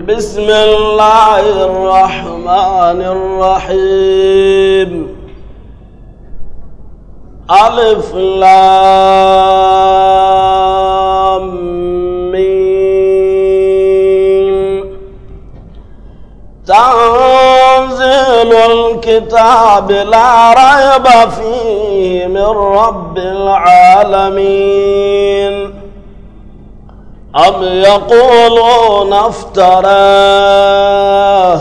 بسم الله الرحمن الرحيم ألف لام ميم تنزيل الكتاب لا ريب فيه من رب العالمين أم يقولون افتراه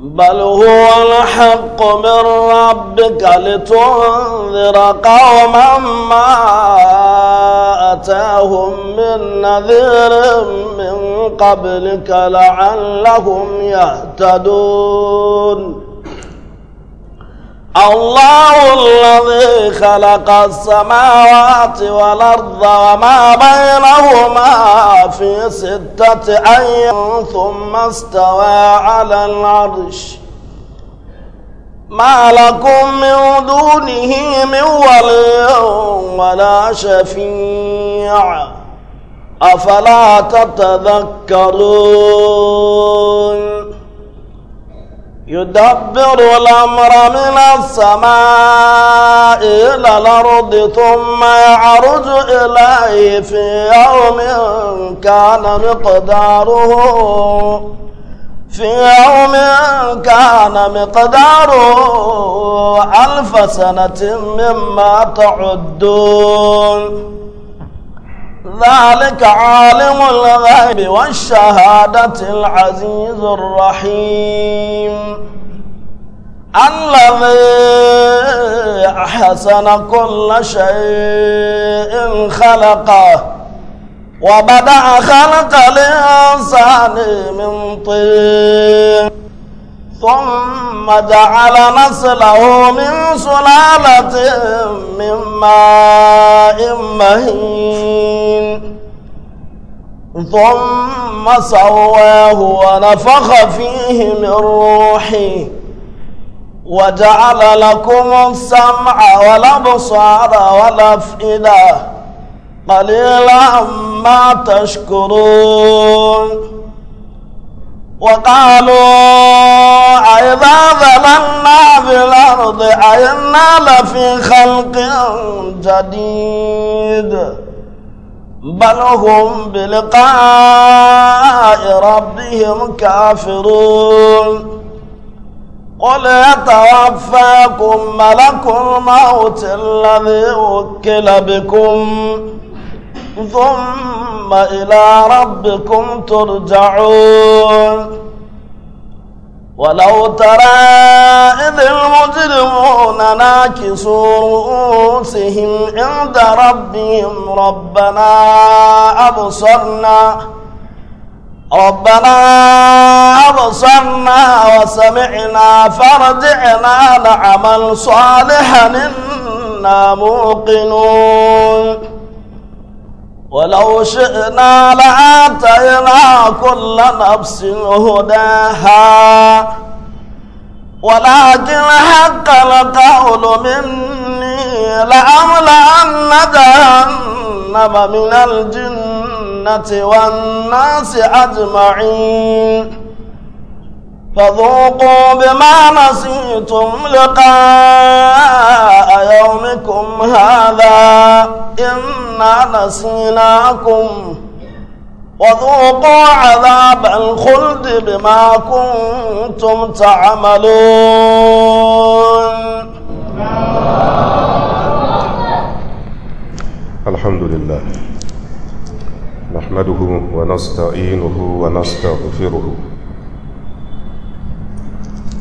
بل هو الحق من ربك لتنذر قوما ما أتاهم من نذير من قبلك لعلهم يهتدون الله الذي خلق السماوات والأرض وما بينهما في ستة أيام ثم استوى على العرش ما لكم من دونه من ولي ولا شفيع أفلا تتذكرون يدبر الأمر من السماء إلى الأرض ثم يعرج إليه في يوم كان مقداره في يوم كان مقداره ألف سنة مما تعدون ذلك عالم الغيب والشهادة العزيز الرحيم الذي أحسن كل شيء خلقه وبدأ خلق الإنسان من طين ثم جعل نسله من سلالة من ماء مهين ثم سواه ونفخ فيه من روحه وجعل لكم السمع والأبصار والأفئدة قليلا ما تشكرون وقالوا أيضا ظلمنا في الأرض أئنا لفي خلق جديد بل هم بلقاء ربهم كافرون قل يتوفاكم ملك الموت الذي وكل بكم ثم إلى ربكم ترجعون ولو ترى إذ المجرمون ناكسوا رؤوسهم عند ربهم ربنا أبصرنا ربنا أبصرنا وسمعنا فرجعنا لعمل صالحا إنا موقنون ولو شئنا لآتينا كل نفس هداها ولكن حق القول مني لأملأن جهنم من الجنة والناس أجمعين فذوقوا بما نسيتم لقاء يومكم هذا إنا نسيناكم وذوقوا عذاب الخلد بما كنتم تعملون الحمد لله نحمده ونستعينه ونستغفره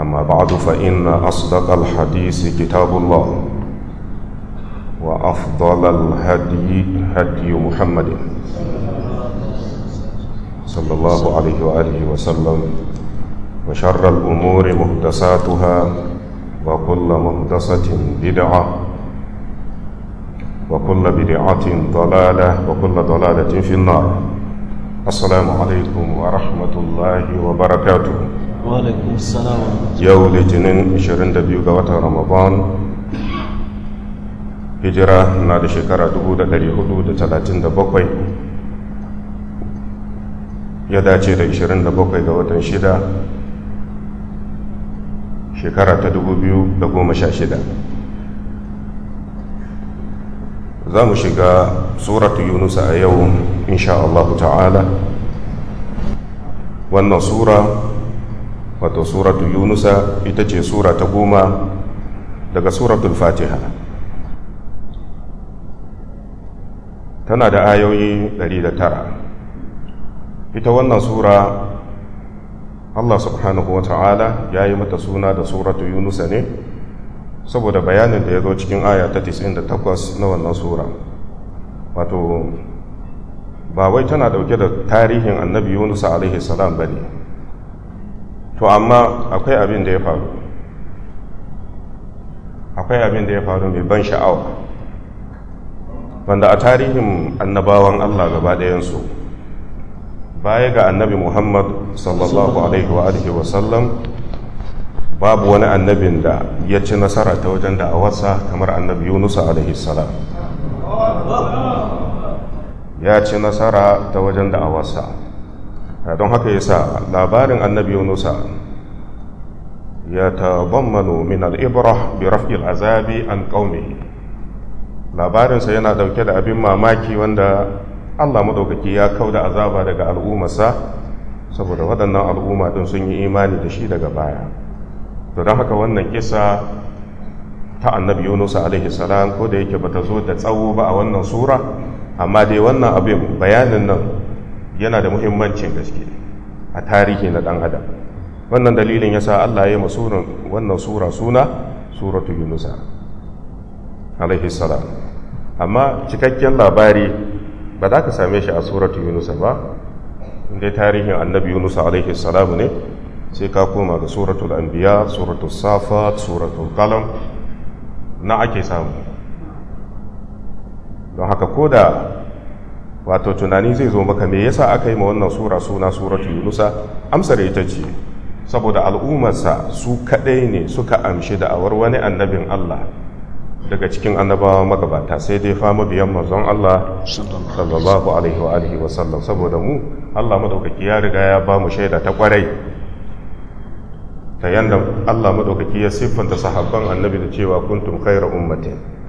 أما بعد فإن أصدق الحديث كتاب الله وأفضل الهدي هدي محمد صلى الله عليه وآله وسلم وشر الأمور مهدساتها وكل مهدسة بدعة وكل بدعة ضلالة وكل ضلالة في النار السلام عليكم ورحمة الله وبركاته yau litinin 22 ga watan ramadan hijira na da shekara 437 ya dace da 27 ga watan shida shekara ta 2016 za mu shiga suratu yunus a yau insha Allah ta'ala wannan sura wato suratu yunusa ita ce sura ta goma daga suratul fatiha tana da ayoyi 109 ita wannan sura allah subhanahu wa ta'ala ya yi mata suna da suratu yunusa ne saboda bayanin da ya zo cikin aya ta 98 na wannan sura wato ba wai tana dauke da tarihin annabi yunusa alaihi salam ba ne to amma akwai abin da ya faru akwai abin da ya faru mai ban sha'awa wanda a tarihin annabawan allah gaba ɗayansu baya ga annabi muhammad sallallahu alaihi wa alihi wasallam babu wani annabin da ya ci nasara ta wajen da wasa, kamar annabi yunusa alaihi salam ya ci nasara ta wajen da wasa. don haka yasa labarin annabi yunusa ya tabammanu min al bi raf'i azabi an qaumihi labarinsa yana dauke da abin mamaki wanda Allah maɗaukaki ya kauda azaba daga al'ummarsa saboda waɗannan al'umma ɗin sun yi imani da shi daga baya to don haka wannan kisa ta annabi yunus alaihi salam ko da yake bata zo da tsawo ba a wannan sura amma dai wannan abin bayanin nan yana da muhimmancin gaske a tarihi na ɗan adam wannan dalilin yasa Allah ya masurin wannan sura suna suratu yunusa alaihi salam amma cikakken labari ba za ka same shi a suratu yunusa ba inda tarihin annabi yunusa alaihi salam ne sai ka koma ga suratu anbiya suratul safa suratul qalam na ake samu don haka ko da wato tunani zai zo maka me yasa aka yi ma wannan sura suna suratu yunusa amsar ita ce saboda al'ummarsa su kaɗai ne suka amshi da'awar wani annabin Allah daga cikin annabawa magabata sai dai fama biyan manzon Allah sallallahu alaihi wa alihi wa saboda mu Allah madaukaki ya riga ya ba mu shaida ta kwarai ta yanda Allah madaukaki ya siffanta sahabban annabi da cewa kuntum kaira ummatin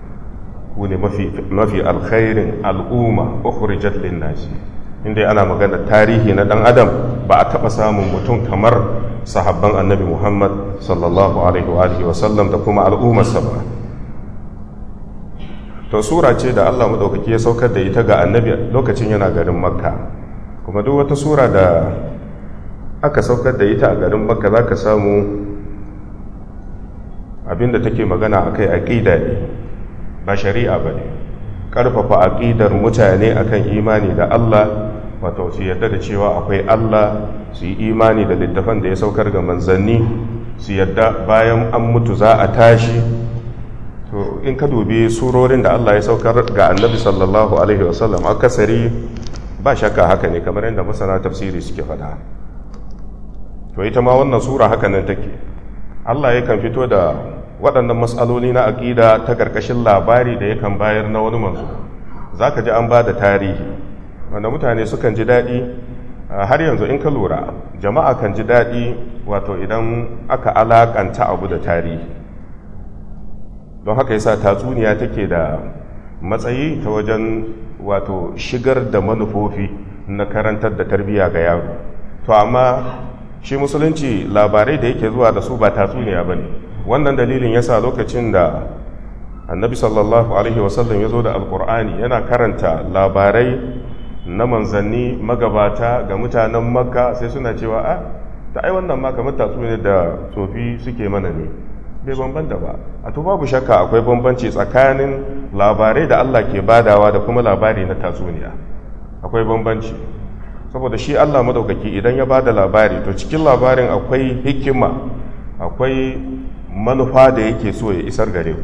ku ne mafi alkhairin al'umma ukhrijat lin inda ana magana tarihi na dan adam ba a taba samun mutum kamar sahabban annabi Muhammad sallallahu alaihi wa alihi wa sallam da kuma al'ummar sa ba to sura ce da Allah madaukaki ya saukar da ita ga annabi lokacin yana garin Makka kuma duk wata sura da aka saukar da ita a garin Makka zaka samu abinda take magana akai aqida ne ba shari'a ba ne ƙarfafa aƙidar mutane akan imani da Allah wato su yarda da cewa akwai Allah su yi imani da littafan da ya saukar ga manzanni su yarda bayan an mutu za a tashi to in ka dubi surorin da Allah ya saukar ga annabi sallallahu alaihi wasallam akasari ba shakka haka ne kamar yadda masana tafsiri suke faɗa to ita ma wannan sura haka nan take Allah yakan fito da waɗannan matsaloli na aƙida ta ƙarƙashin labari da yakan bayar na wani manzo za ka ji an ba da tarihi wanda mutane sukan ji daɗi har yanzu in ka lura jama'a kan ji daɗi wato idan aka alaƙanta abu da tarihi don haka yasa tatsuniya take da matsayi ta wajen wato shigar da manufofi na karantar da tarbiyya ga yaro to amma shi musulunci labarai da yake zuwa da su ba tatsuniya ba ne wannan dalilin yasa lokacin da annabi sallallahu alaihi wasallam ya zo da alkur'ani yana karanta labarai na manzanni magabata ga mutanen makka sai suna cewa a ah, ta ai wannan ma kamar ne da tsofi suke mana ne bai da ba a to babu shakka akwai bambanci tsakanin labarai da allah ke badawa da kuma labari na tatsuniya akwai bambanci saboda shi allah madaukaki idan ya bada labari to cikin labarin akwai hikima akwai manufa da yake so ya isar gare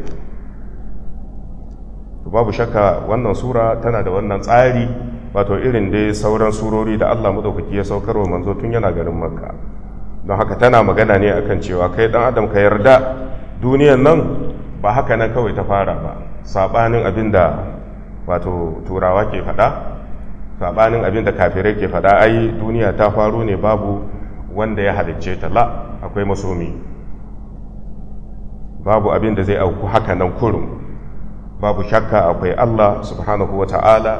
ku babu shakka wannan sura tana da wannan tsari wato irin dai sauran surori da Allah madaukaki ya saukarwa manzo tun yana garin makka don haka tana magana ne akan cewa kai dan adam ka yarda duniyan nan ba haka nan kawai ta fara ba sabanin abin da wato turawa ke faɗa sabanin abin da kafirai ke faɗa ai duniya ta faro ne babu wanda ya halicce ta la akwai masomi babu abin da zai auku haka nan kurum babu shakka akwai Allah subhanahu wa ta'ala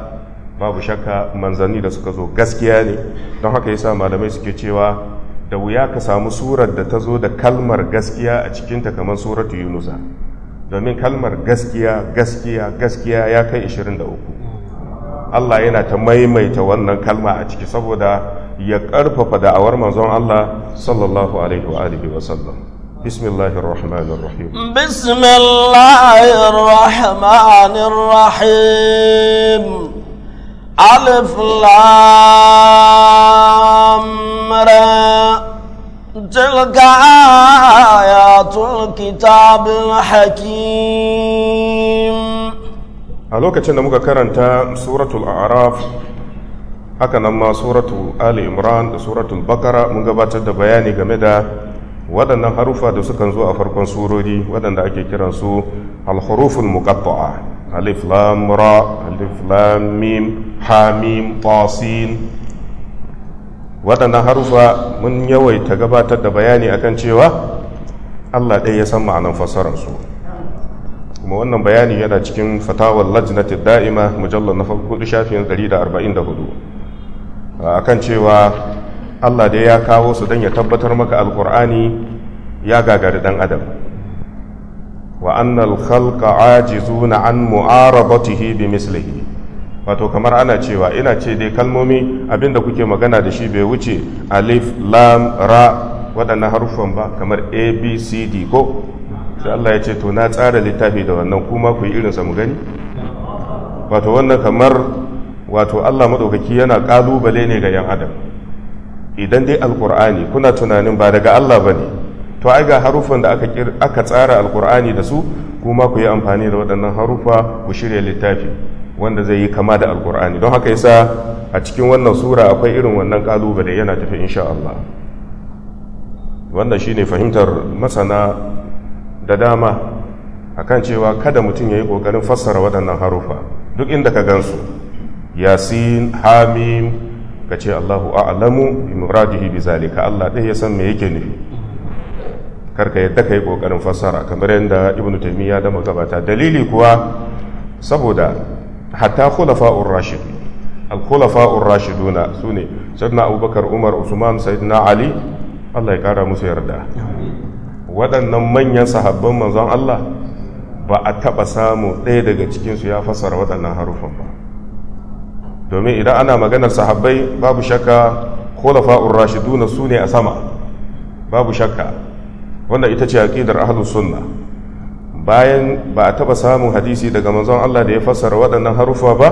babu shakka manzanni da suka zo gaskiya ne don haka yasa malamai suke cewa da wuya ka samu surar da ta zo da kalmar gaskiya a cikinta kamar suratu yunusa domin kalmar gaskiya gaskiya gaskiya ya kai 23 Allah yana ta maimaita wannan kalma a ciki saboda ya ƙarfafa da'awar manzon Allah sallallahu alaihi wa alihi wa sallam بسم الله الرحمن الرحيم بسم الله الرحمن الرحيم ألف لامر تلك a lokacin da muka karanta suratul araf haka nan ma suratul ali imran da suratul bakara mun gabatar da bayani game da waɗannan harufa da sukan zo a farkon surori waɗanda ake kiransu alhuruful muqatta'a alif lam ra alif lam mim ha mim ta waɗannan harufa mun yawaita gabatar da bayani akan cewa Allah ɗaya ya san ma'anan fassarar su kuma wannan bayani yana cikin fatawar lajnati da'ima mujallar na farko shafin 144 akan cewa Allah dai ya kawo su don ya tabbatar maka alkur'ani ya gagari dan adam wa annal khalqa ajizuna an mu'arabatihi bi mislihi wato kamar ana cewa ina ce dai kalmomi abinda kuke magana da shi bai wuce alif lam ra waɗannan haruffan ba kamar a b c d ko sai Allah ya ce to na tsara littafi da wannan kuma ku yi irinsa mu gani wato wannan kamar wato Allah madukaki yana ƙalubale ne ga 'yan adam idan dai alkur'ani kuna tunanin ba daga Allah ba ne to ai ga harufan da aka tsara alkur'ani da su kuma ku yi amfani da waɗannan harufa ku shirya littafi wanda zai yi kama da alkur'ani don haka yasa a cikin wannan sura akwai irin wannan kalubale yana tafi insha Allah wannan shine fahimtar masana da dama akan cewa kada mutum ya yi ƙoƙarin fassara waɗannan harufa duk inda ka gansu yasin hamim ka ce Allahu a'lamu bi muradihi bi zalika Allah dai ya san me yake nufi karka yadda yi ƙoƙarin fassara kamar yadda Ibn Taymiyyah da magabata dalili kuwa saboda hatta khulafa'ur rashidin al-khulafa'ur rashiduna sune sayyidina Abubakar Umar Usman sayyidina Ali Allah ya kara musu yarda waɗannan manyan sahabban manzon Allah ba a taɓa samu ɗaya daga cikinsu ya fassara waɗannan harufan ba domin idan ana maganar sahabbai babu shakka khulafa'ur rashiduna su ne a sama babu shakka wanda ita ce aqidar ahlus sunna bayan ba a taba samun hadisi daga manzon Allah da ya fassara waɗannan harufa ba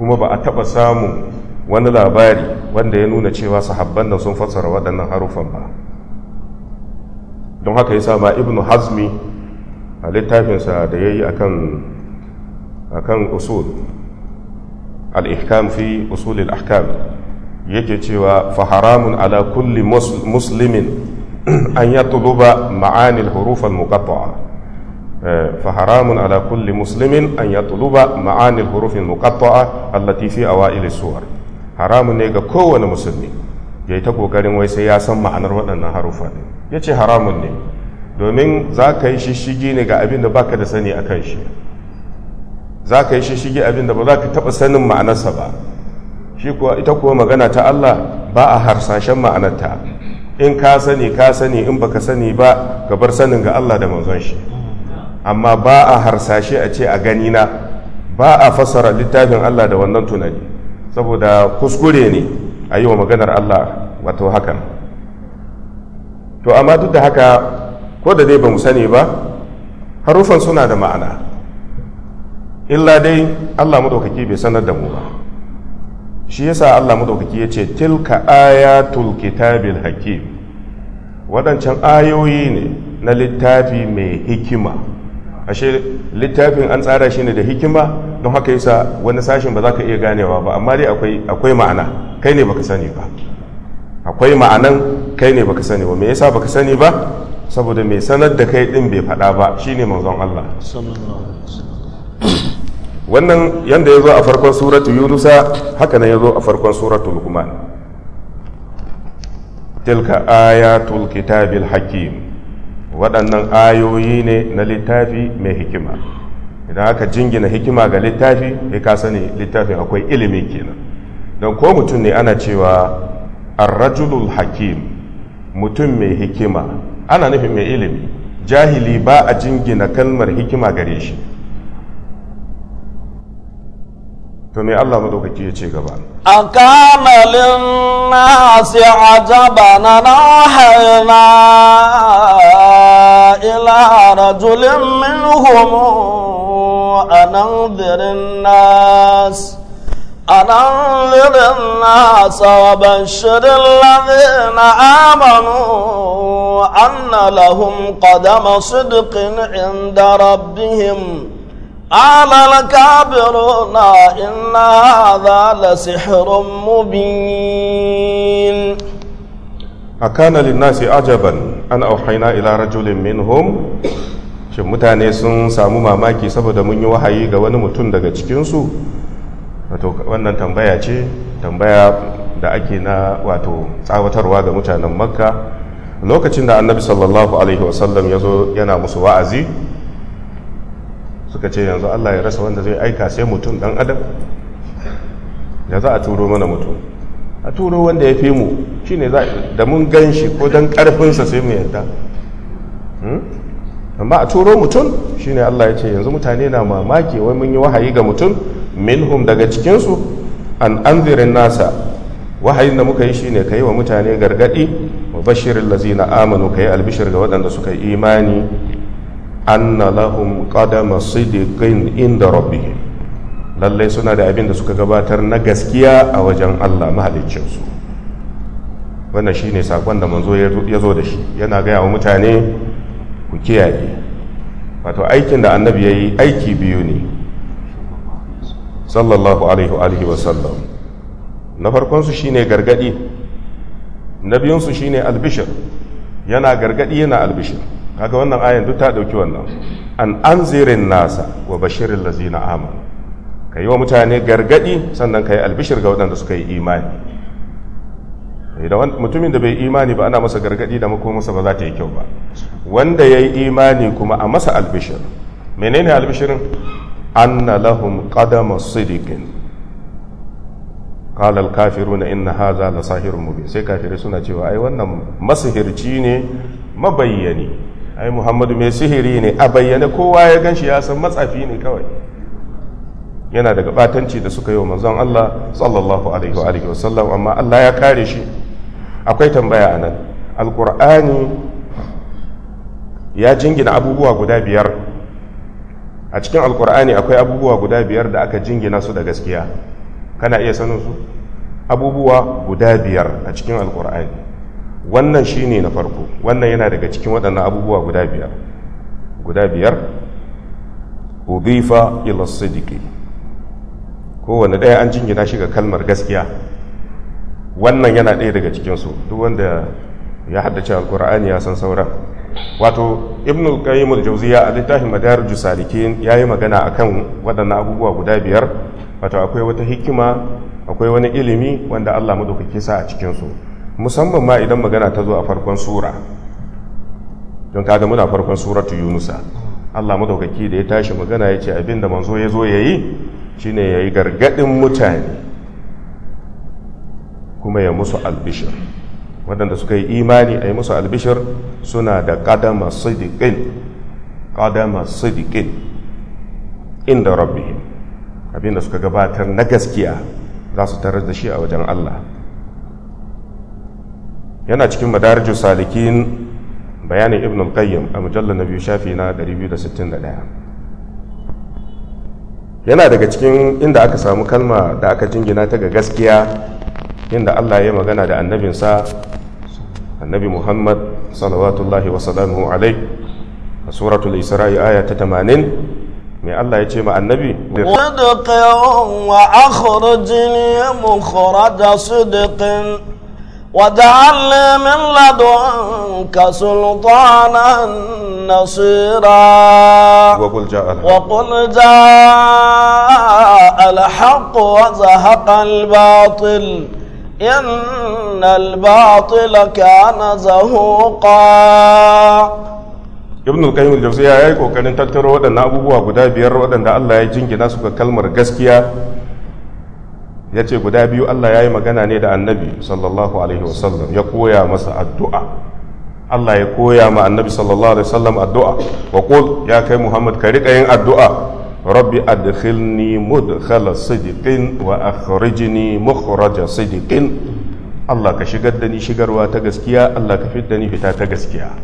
kuma ba a taba samun wani labari wanda ya nuna cewa sahabban da sun fassara waɗannan harufan ba don haka yasa ma ibnu hazmi a littafinsa da ya yi akan usul al-ihkam fi usul ahkam yake cewa eh, fa haramun ala kulli muslimin an yatluba ma'ani al-huruf al-muqatta'a فحرام على كل مسلم أن يطلب معاني ya yi ta ƙoƙarin wai sai ya san ma'anar waɗannan harufa ne ya ce haramun ne domin za ka yi shishigi ne ga abin da baka da sani a kan shi za ka yi shishige abin da ba za ka taɓa sanin ma'anarsa ba shi kuwa ita kuwa magana ta Allah ba a harsashen ma'anarta in ka sani ka sani in baka sani ba ka bar sanin ga Allah da manzon shi amma ba a harsashe a ce a gani na ba a fassara littafin Allah da wannan tunani saboda kuskure ne a yi wa maganar Allah wato hakan to amma duk da haka ko da dai ba mu sani ba harufan suna da ma'ana illa dai Allah madaukaki bai sanar da mu ba shi yasa Allah madaukaki ya ce tilka ayatul kitabil hakim waɗancan ayoyi ne na littafi mai hikima ashe littafin an tsara shi ne da hikima don haka yasa wani sashin ba za ka iya ganewa ba amma dai akwai ma'ana kai ne baka sani ba akwai ma'anan kai ne baka sani ba me yasa baka sani ba saboda mai sanar da kai din bai faɗa ba shine manzon Allah wannan yadda ya zo a farkon suratu yunusa haka nan ya zo a farkon suratu lukman tilka ayatul kitabil hakim waɗannan ayoyi ne na littafi mai hikima idan aka jingina hikima ga littafi ya ka sani littafin akwai ilimi kenan don ko mutum ne ana cewa arrajulul hakim mutum mai hikima ana nufin mai ilimi jahili ba a jingina kalmar hikima gare shi to me Allah madaukaki ya ce gaba a kana linnasi ajaba na nahayna ila rajulin minhum an anzirin nas an anzirin nas wa bashirin ladina amanu anna lahum qadama sidqin inda rabbihim قال الكافرون إن هذا لسحر مبين أكان للناس عجبا أن أوحينا إلى رجل منهم shin mutane sun samu mamaki saboda mun yi wahayi ga wani mutum daga cikinsu wato wannan tambaya ce tambaya da ake na wato tsawatarwa ga mutanen makka lokacin da annabi sallallahu alaihi wasallam ya zo yana musu wa'azi suka ce yanzu Allah ya rasa wanda zai aika sai mutum dan adam ya za a turo mana mutum a turo wanda ya fi mu shine da mun gan shi ko dan karfinsa sai mu yadda hmm? amma a turo mutum shine Allah ya ce yanzu mutane na mamaki wai mun yi wahayi ga mutum minhum daga cikinsu an anzirin nasa wahayin da muka yi shi ne ka yi wa mutane gargadi wa bashirin na amanu ka yi albishir ga waɗanda suka yi imani anna lahum qadama sidiqin inda rabbihim lallai suna da abin da suka gabatar na gaskiya a wajen Allah mahaliccinsu wannan shine sakon da manzo ya zo da shi yana gaya wa mutane ku kiyaye wato aikin da annabi ya yi aiki biyu ne sallallahu alaihi wa sallam na farkonsu shine gargadi na biyunsu shine albishir yana gargadi yana albishir kaga wannan ayan duk ta dauki wannan an anzirin nasa wa bashirin lazina amanu ka yi wa mutane gargadi sannan ka yi albishir ga waɗanda suka yi imani eh, mutumin da bai imani ba ana masa gargadi da masa ba za ta yi kyau ba wanda ya yi imani kuma a masa albishir menene albishirin anna lahum qadama sidikin qala kafiru na inna haza la sahirun mubin sai kafirai suna cewa ai wannan masihirci ne mabayyani ai muhammadu mai sihiri ne a bayyane kowa ya gan shi ya san matsafi ne kawai yana daga batanci da suka yi wa manzon Allah sallallahu alaihi wa alihi wasallam amma Allah ya kare shi akwai tambaya a nan alkur'ani ya jingina abubuwa guda biyar a cikin alkur'ani akwai abubuwa guda biyar da aka jingina su da gaskiya kana iya sanin su abubuwa guda biyar a cikin alkur'ani wannan shi ne na farko wannan yana daga cikin waɗannan abubuwa guda biyar guda biyar ila sidiki kowane ɗaya an jingina shi ga kalmar gaskiya wannan yana ɗaya daga cikinsu duk wanda ya haddace alkur'ani ya san sauran wato ibn qayyim al a littafin madarij ya yi magana akan waɗannan abubuwa guda biyar wato akwai wata hikima akwai wani ilimi wanda Allah madaukake sa a cikin su musamman ma idan magana ta zo a farkon sura don kaga muna farkon suratu yunusa Allah madaukaki da ya tashi magana ya ce abinda manzo ya zo ya yi shine ya yi gargadin mutane kuma ya musu albishir waɗanda suka yi imani a yi musu albishir suna da kadama sidiƙin ƙadama da inda rabbi abinda suka gabatar na gaskiya za su tarar da shi a wajen Allah yana cikin madaraju salikin bayanin ibn al-qayyim a mujallar na biyu shafi na 261 yana daga cikin inda aka samu kalma da aka jingina ta ga gaskiya inda allah ya magana da annabinsa annabi muhammad salawatullahi wasalamu alai a suratul isra'i aya ta tamanin. me Allah ya ce ma annabi wa akhrajni mukhraja sidqin wajalle min ladon ka sultana nasira wakul ja alhaqo wa za in albatila ka na za hukwa ibn kai mil jafsiya ya yi kokarin tattaro waɗanda abubuwa guda biyar waɗanda allah ya jingina ga kalmar gaskiya ya ce guda biyu Allah ya yi magana ne da annabi sallallahu alaihi wasallam ya koya masa addu'a Allah ya koya ma annabi sallallahu alaihi wasallam addu'a wa qul ya kai Muhammad ka riƙa yin addu'a rabbi adkhilni mudkhala sidiqin wa akhrijni mukhraja sidiqin Allah ka shigar da ni shigarwa ta gaskiya Allah ka fitar da ni fita ta gaskiya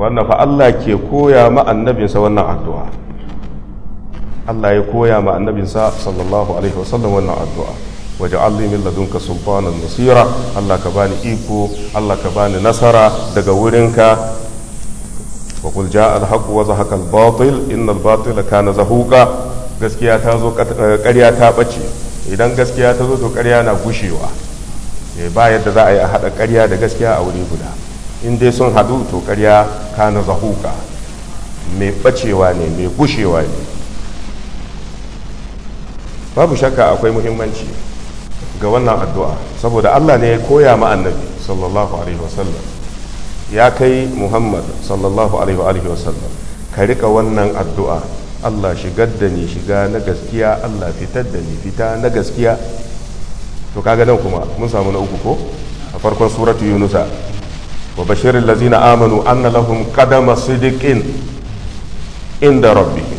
wannan fa Allah ke koya ma annabinsa wannan addu'a Allah ya koya ma annabinsa sallallahu alaihi wasallam wannan addu'a waje alli min ladunka sultanan nasira Allah ka bani iko Allah ka bani nasara daga wurinka wa qul jaa al-haqq wa zahaqa al-batil inna al-batila kana zahuqa gaskiya ta zo eh, ƙarya ta bace idan gaskiya ta zo to ƙarya na gushewa eh, ba yadda za a yi a haɗa ƙarya da gaskiya a wuri guda in dai sun haɗu to ƙarya kana zahuka mai bacewa ne mai gushewa ne babu shakka akwai muhimmanci ga wannan addu'a saboda allah ne ya koya ma sallallahu alaihi wasallam ya kai muhammad sallallahu alaihi wasallam ka rika wannan addu'a allah shigar da ni shiga na gaskiya allah fitar da ni fita na gaskiya to kaga nan kuma mun samu na uku ko a farkon suratu yunusa wa bashirin lazina amanu anna lahum qadama sidiqin inda rabbi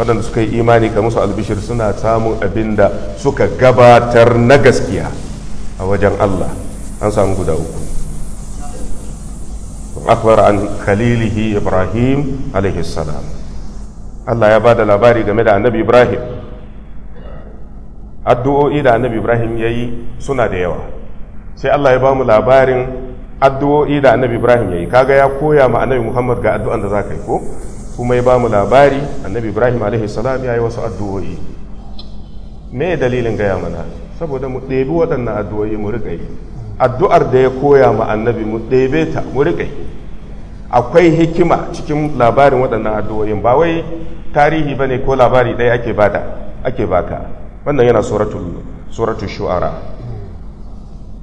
waɗanda suka yi imani ka musu albishir suna samun abin da suka gabatar na gaskiya a wajen Allah an samu guda uku akbar an khalilihi ibrahim alaihi salam Allah ya ba da labari game da annabi ibrahim addu'o'i da annabi ibrahim ya yi suna da yawa sai Allah ya ba mu labarin addu'o'i da annabi ibrahim ya yi kaga ya koya ma annabi muhammad ga addu'an da za ka yi ko kuma ya ba mu labari annabi ibrahim alaihissalam ya yi wasu addu'o'i me dalilin gaya mana saboda mu ɗebi waɗannan addu'o'i mu riƙa yi addu'ar da ya koya ma annabi mu ɗebe ta mu riƙa yi akwai hikima cikin labarin waɗannan addu'o'in ba wai tarihi ba ne ko labari ɗaya ake bada ake baka wannan yana suratul shu'ara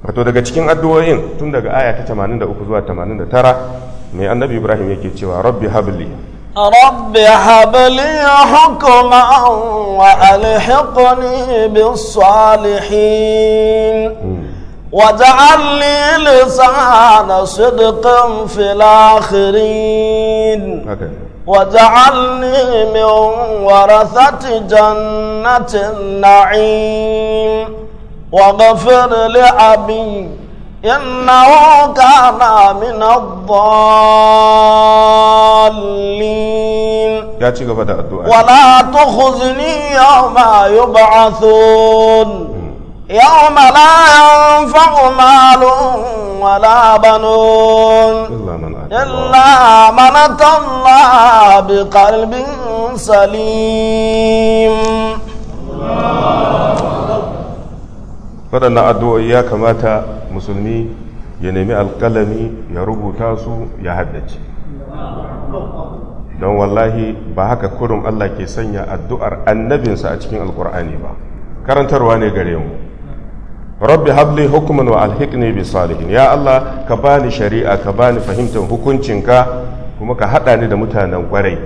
wato daga cikin addu'o'in tun daga aya ta 83 zuwa 89 mai annabi ibrahim yake cewa rabbi habli رب هب لي حكما وألحقني بالصالحين واجعل لي لسان صدق في الآخرين واجعلني من ورثة جنة النعيم واغفر لأبي إنه كان من الضالين ya ci gaba da addu'a wala tukhzini yawma yub'athun يوم لا ينفع مال ولا بنون إلا من أتى bi بقلب salim. waɗannan addu'o'i ya kamata musulmi ya nemi alƙalami ya rubuta su ya haddace don wallahi ba haka kurum Allah ke sanya addu'ar annabinsa a cikin alkur'ani ba karantarwa ne gare mu rabbi habli hukuman wa alhikni bi salihin ya Allah ka bani shari'a ka bani fahimtar hukuncinka kuma ka haɗa ni da mutanen kwarai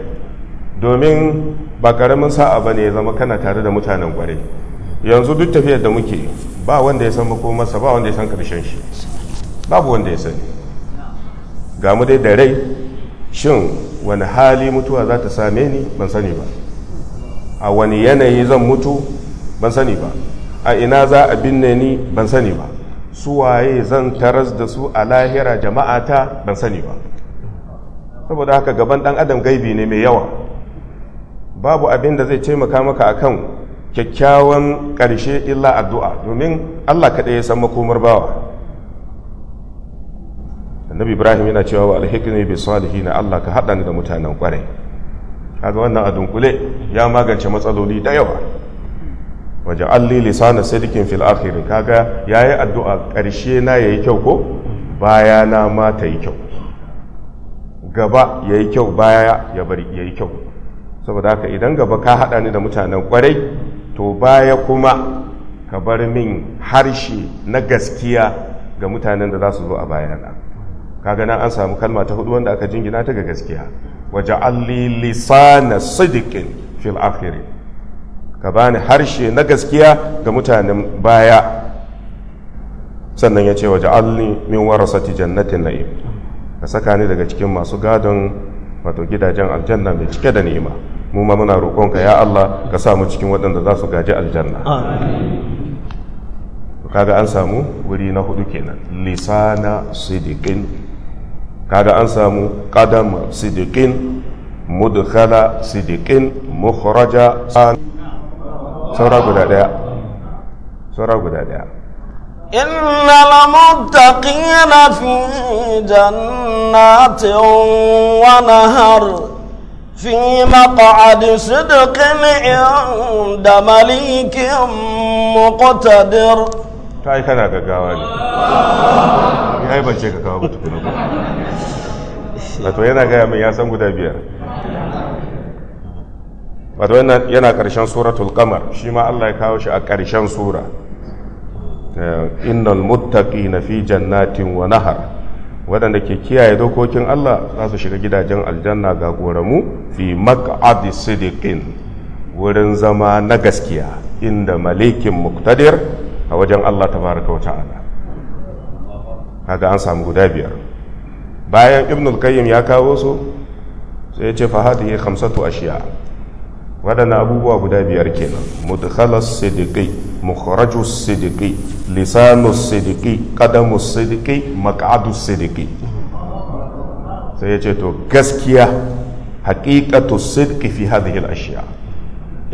domin ba karamin sa'a ba ne ya zama kana tare da mutanen kwarai yanzu duk tafiyar da muke ba wanda ya san makomarsa ba wanda ya san karshen shi babu wanda ya sani ga mu dai da rai shin wani hali mutuwa za ta same ni ban sani ba a wani yanayi zan mutu ban sani ba a ina za a binne ni ban sani ba su waye zan taras da su a lahira jama'a ta, ban sani ba saboda haka gaban dan adam gaibi ne mai yawa babu abin da zai taimaka maka a kan kyakkyawan ƙarshe illa addu'a domin allah kaɗai ya san makomar bawa annabi ibrahim yana cewa wa alhikni bi salihin Allah ka haɗa ni da mutanen kwarai kaga wannan a dunkule ya magance matsaloli da yawa waje alli lisana sadikin fil akhir kaga yayi addu'a karshe na yayi kyau ko baya na ma ta yi kyau gaba yayi kyau baya ya bari yayi kyau saboda haka idan gaba ka haɗa ni da mutanen kwarai to baya kuma ka bar min harshe na gaskiya ga mutanen da za su zo a bayana kaga nan an samu kalma ta hudu wanda aka jingina ta ga gaskiya waje alli lisana sidikin fil akhiri ka bani harshe na gaskiya ga mutanen baya sannan ya ce waje alli min warasati jannatin na'im ka saka ni daga cikin masu gadon wato gidajen aljanna mai cike da ni'ima mu ma muna ka ya Allah ka sa mu cikin waɗanda za su gaji aljanna kaga an samu wuri na hudu kenan lisana sidikin kada an samu kadam sidikin mudkhala sidikin mukhraja an saura guda daya saura guda daya innal muttaqina fi jannatin wa nahar fi maq'adi sidqin inda malikin muqtadir ta yi kana gaggawa ne ya yi bance ka kawo tukuna ba. wato yana gaya min ya san guda biyar wato yana ƙarshen suratul kamar shi ma Allah ya kawo shi a ƙarshen sura eh, innal na fi jannatin wa nahar waɗanda ke kiyaye dokokin Allah za su shiga gidajen aljanna ga goramu fi maq'adi sidiqin wurin zama na gaskiya inda malikin muktadir a wajen Allah baraka wa ta'ala kaga an samu guda biyar bayan ibn al-qayyim ya kawo su sai ya ce fa hadhihi khamsatu ashiya wadannan abubuwa guda biyar kenan mudkhalas sidiqi mukhrajus sidiqi lisanus sidiqi qadamus sidiqi maq'adus sidiqi sai ya ce to gaskiya haqiqatus sidqi fi hadhihi al-ashiya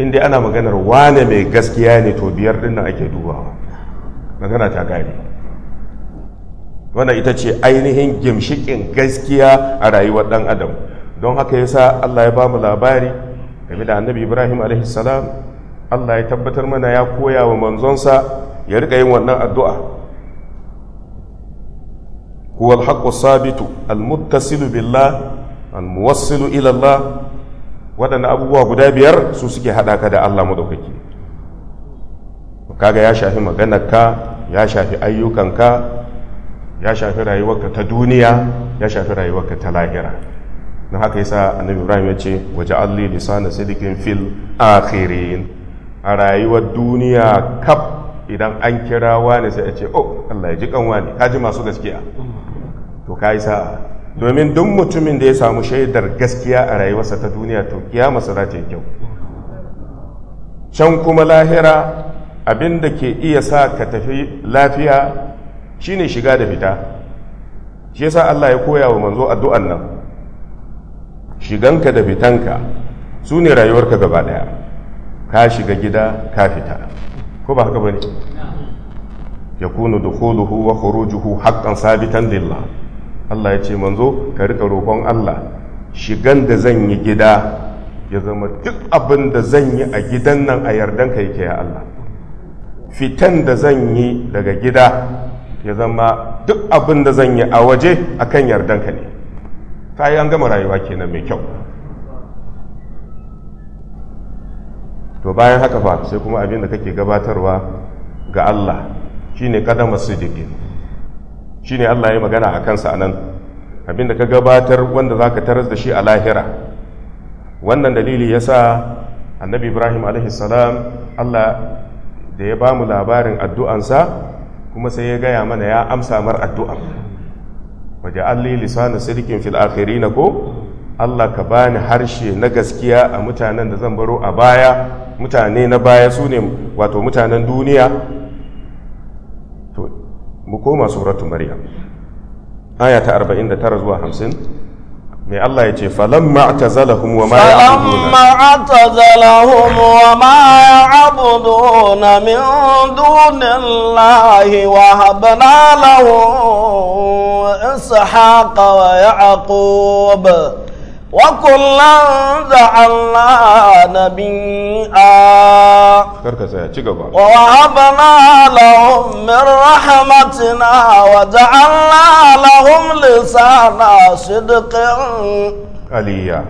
inda ana maganar wane mai gaskiya ne to biyar dinnan ake dubawa magana ta gari wannan ita ce ainihin gimshikin gaskiya a rayuwar dan adam don haka yasa Allah ya bamu labari game da annabi Ibrahim a.s. Allah ya tabbatar mana ya koya wa manzonsa ya riƙa yin wannan addu'a huwa alhaqqu sabitu almuttasilu billah almuwassilu ila Allah waɗannan abubuwa guda biyar su suke haɗa ka da Allah madaukaki kaga ya shafi ka. ya shafi ayyukanka ya shafi rayuwarka ta duniya ya shafi rayuwarka ta lahira na haka yasa annabi ibrahim ya ce waje alli lisana sidikin fil akhirin a rayuwar duniya kaf idan an kira wani sai ya ce oh Allah ya ji kan wani ka ji masu gaskiya to ka yi sa'a domin duk mutumin da ya samu shaidar gaskiya a rayuwarsa ta duniya to sa za ta yi kyau can kuma lahira abin da ke iya sa ka tafi lafiya shine shiga da fita shi yasa Allah ya koya wa manzo addu'an nan shiganka da fitanka su ne rayuwarka gaba daya ka shiga gida ka fita ko ba haka bane yakunu dukhuluhu wa khurujuhu haƙƙan sabitan lillah Allah ya ce manzo ka rika roƙon Allah shigan da zan yi gida ya zama duk abin da zan yi a gidan nan a yardanka yake ya Allah fitan da zan yi daga gida ya zama duk abin da zan yi a waje akan yardanka ne ta yi an gama rayuwa kenan mai kyau to bayan haka fa sai kuma abin da kake gabatarwa ga Allah shine su sidiki shine Allah ya magana a kansa nan abin da ka gabatar wanda zaka taras da shi a lahira wannan dalili sa annabi Ibrahim a.s. Allah da ya ba mu labarin addu'ansa kuma sai ya gaya mana ya amsa mar addu'a waje alli lisanu sirkin fil akhiri na ko allah ka bani harshe na gaskiya a mutanen da zan baro a baya mutane na baya su ne wato mutanen duniya to mu koma suratu maryam aya ta 49 zuwa 50 mai Allah ya ce falamma atazalahum wa ma ya'buduna falamma atazalahum wa ma ya'buduna min dunillahi wa habna lahu ishaqa wa yaqub wa kullum Allah na bi'a karka tsaya ci gaba wa na min rahmatina wa ja'alna lahum lisana sidqin aliyya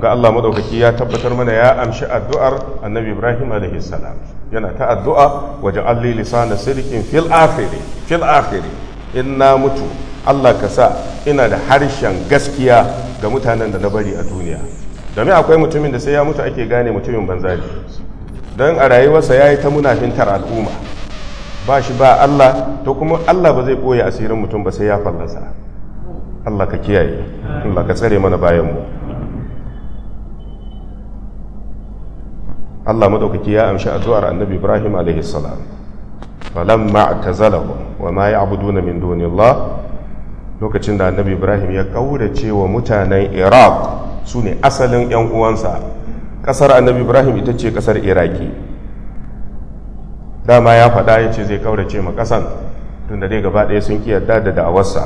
kun ga Allah madaukaki ya tabbatar mana ya amshi addu'ar annabi Ibrahim alaihi salam yana ta addu'a waje alli lisana sirikin fil akhiri fil akhiri inna mutu Allah ka sa ina da harshen gaskiya ga mutanen da na bari a duniya domin akwai mutumin da sai ya mutu ake gane mutumin banza ne don a rayuwarsa ya yi ta munafintar al'umma ba shi ba Allah to kuma Allah ba zai koya asirin mutum ba sai ya fallasa Allah ka kiyaye Allah ka tsare mana bayan mu Allah madaukaki ya amshi addu'ar annabi Ibrahim alaihi salam falamma atazalahu wa ma ya'buduna min dunillah lokacin da annabi Ibrahim ya kaurace wa mutanen Iraq sune asalin ‘yan uwansa ƙasar annabi Ibrahim ita ce kasar Iraki dama ya faɗa ya ce zai kaurace ma ƙasan tunda dai gaba ɗaya sun ki yarda da da'awarsa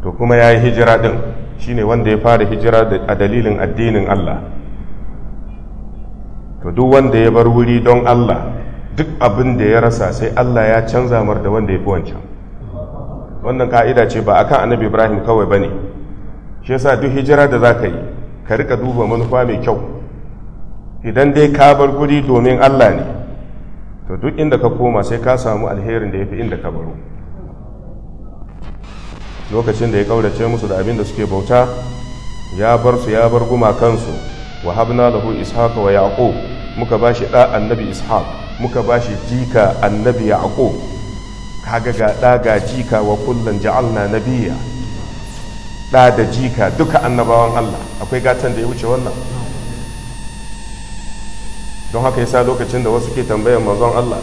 to kuma ya yi hijira ɗin shine wanda ya fara hijira a dalilin addinin Allah to duk wanda ya bar wuri don Allah duk abin da ya rasa sai Allah ya canza mar da wanda ya fi wancan wannan ka'ida ce ba a kan annabi Ibrahim kawai ba ne. shi yasa duk hijira da za ka yi ka rika duba manufa mai kyau idan dai ka bar guri domin Allah ne to duk inda ka koma sai ka samu alherin da ya fi inda ka baro lokacin da ya kaurace musu da abin da suke bauta ya bar su ya bar gumakansu wa habna lahu ishaq wa yaqub muka bashi da annabi ishaq muka bashi jika annabi yaqub kaga ga da ga jika wa kullun ja'alna nabiyya da da jika duka annabawan Allah akwai gatan da ya wuce wannan don haka yasa lokacin da wasu ke tambayar manzon Allah